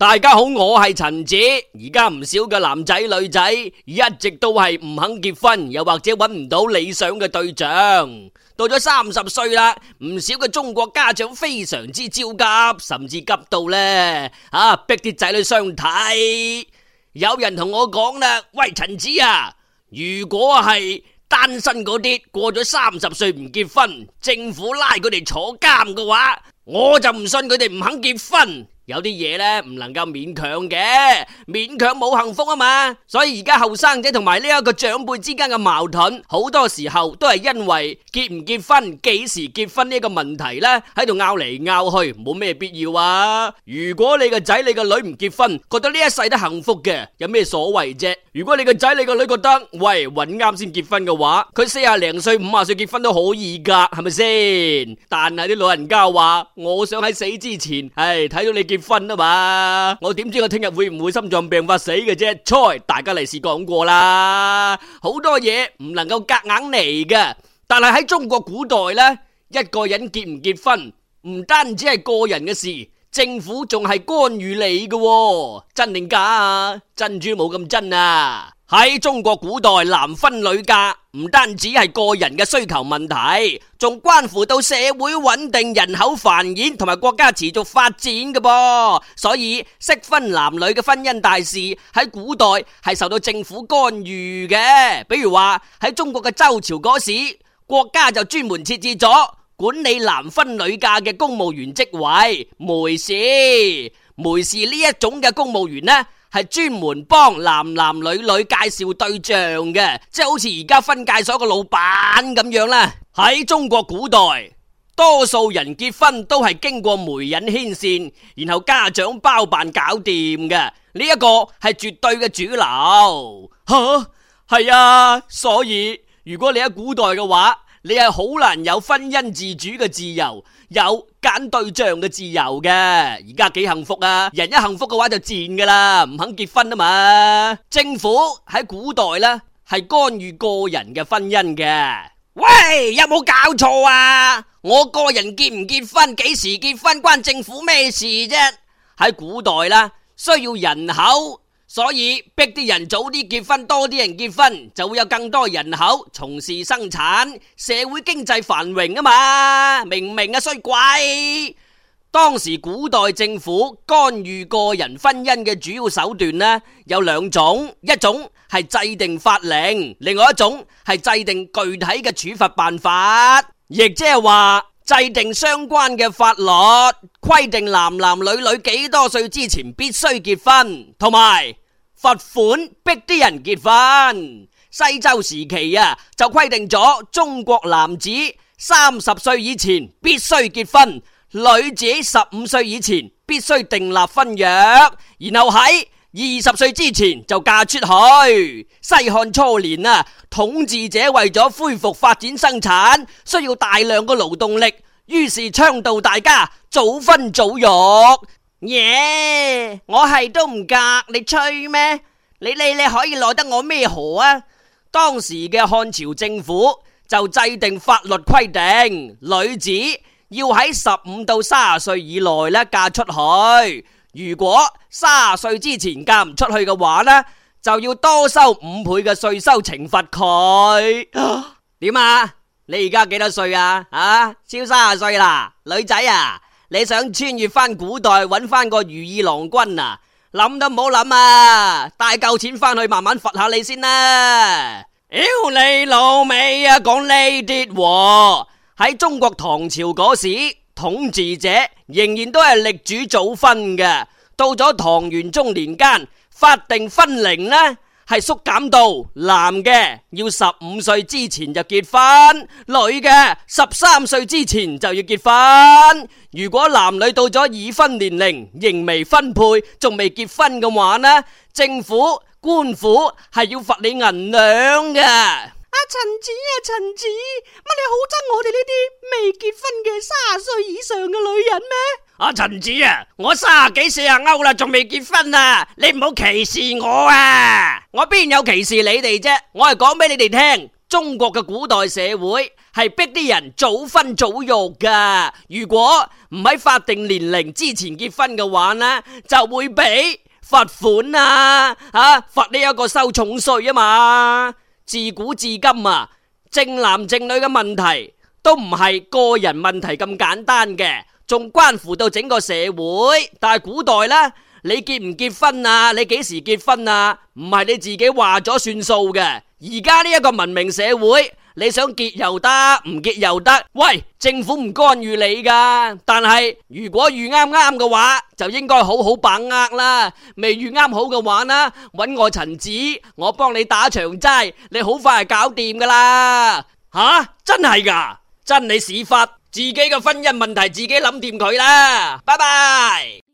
大家好，我係陳子。而家唔少嘅男仔女仔一直都係唔肯結婚，又或者揾唔到理想嘅對象。到咗三十歲啦，唔少嘅中國家長非常之焦急，甚至急到咧吓逼啲仔女相睇。有人同我講啦，喂，陳子啊，如果係單身嗰啲過咗三十歲唔結婚，政府拉佢哋坐監嘅話，我就唔信佢哋唔肯結婚。有啲嘢咧唔能夠勉強嘅，勉強冇幸福啊嘛！所以而家後生仔同埋呢一個長輩之間嘅矛盾，好多時候都係因為結唔結婚、幾時結婚呢一個問題咧喺度拗嚟拗去，冇咩必要啊！如果你個仔、你個女唔結婚，覺得呢一世都幸福嘅，有咩所謂啫？如果你個仔、你個女覺得，喂，搵啱先結婚嘅話，佢四十零歲、五十歲結婚都可以噶，係咪先？但係啲老人家話，我想喺死之前，唉、哎，睇到你結婚啊嘛，我點知我聽日會唔會心臟病發死嘅啫？猜，大家嚟試講過啦。好多嘢唔能夠夾硬嚟嘅，但係喺中國古代呢，一個人結唔結婚，唔單止係個人嘅事，政府仲係干預你嘅。哦，真定假啊？珍珠冇咁真啊。喺中國古代，男婚女嫁唔單止係個人嘅需求問題，仲關乎到社會穩定、人口繁衍同埋國家持續發展嘅噃。所以，適婚男女嘅婚姻大事喺古代係受到政府干預嘅。比如話喺中國嘅周朝嗰時，國家就專門設置咗管理男婚女嫁嘅公務員職位，媒氏，媒氏呢一種嘅公務員呢？係專門幫男男女女介紹對象嘅，即係好似而家婚介所個老闆咁樣啦。喺中國古代，多數人結婚都係經過媒人牽線，然後家長包辦搞掂嘅，呢、這、一個係絕對嘅主流。吓、啊，係啊，所以如果你喺古代嘅話。你係好難有婚姻自主嘅自由，有揀對象嘅自由嘅。而家幾幸福啊！人一幸福嘅話就賤噶啦，唔肯結婚啊嘛。政府喺古代呢係干預個人嘅婚姻嘅。喂，有冇搞錯啊？我個人結唔結婚，幾時結婚，關政府咩事啫？喺古代啦，需要人口。所以逼啲人早啲結婚，多啲人結婚就會有更多人口從事生產，社會經濟繁榮啊嘛，明唔明啊？衰鬼！當時古代政府干預個人婚姻嘅主要手段呢，有兩種，一種係制定法令，另外一種係制定具體嘅處罰辦法，亦即係話。制定相關嘅法律，規定男男女女幾多歲之前必須結婚，同埋罰款逼啲人結婚。西周時期啊，就規定咗中國男子三十歲以前必須結婚，女子十五歲以前必須訂立婚約，然後喺。二十歲之前就嫁出去。西漢初年啊，統治者為咗恢復發展生產，需要大量嘅勞動力，於是倡導大家早婚早育。耶，yeah, 我係都唔嫁，你吹咩？你你你可以耐得我咩何啊？當時嘅漢朝政府就制定法律規定，女子要喺十五到三十歲以內咧嫁出去。如果三十歲之前嫁唔出去嘅話呢，就要多收五倍嘅稅收，懲罰佢。點 啊？你而家幾多歲啊？啊，超三十歲啦，女仔啊，你想穿越翻古代搵翻個如意郎君啊？諗都唔好諗啊！帶夠錢翻去，慢慢罰下你先啦。屌 你老味啊！講呢啲喎，喺中國唐朝嗰時。統治者仍然都係力主早婚嘅。到咗唐玄宗年間，法定婚齡呢係縮減到男嘅要十五歲之前就結婚，女嘅十三歲之前就要結婚。如果男女到咗已婚年齡仍未分配，仲未結婚嘅話呢，政府官府係要罰你銀兩嘅。阿陳子啊，陳子，乜、啊啊、你好憎我哋呢啲未結婚嘅三十歲以上嘅女人咩？阿陳、啊、子啊，我三十幾四啊，勾啦，仲未結婚啊，你唔好歧視我啊！我邊有歧視你哋啫？我係講俾你哋聽，中國嘅古代社會係逼啲人早婚早育噶。如果唔喺法定年齡之前結婚嘅話呢，就會俾罰款啊！吓、啊，罰呢一個收重稅啊嘛～自古至今啊，剩男剩女嘅問題都唔係個人問題咁簡單嘅，仲關乎到整個社會。但係古代呢，你結唔結婚啊？你幾時結婚啊？唔係你自己話咗算數嘅。而家呢一個文明社會。你想結又得，唔結又得。喂，政府唔干預你噶，但係如果遇啱啱嘅話，就應該好好把握啦。未遇啱好嘅話呢，揾我陳子，我幫你打場齋，你好快就搞掂噶啦。吓、啊，真係噶，真你屎忽，自己嘅婚姻問題自己諗掂佢啦。拜拜。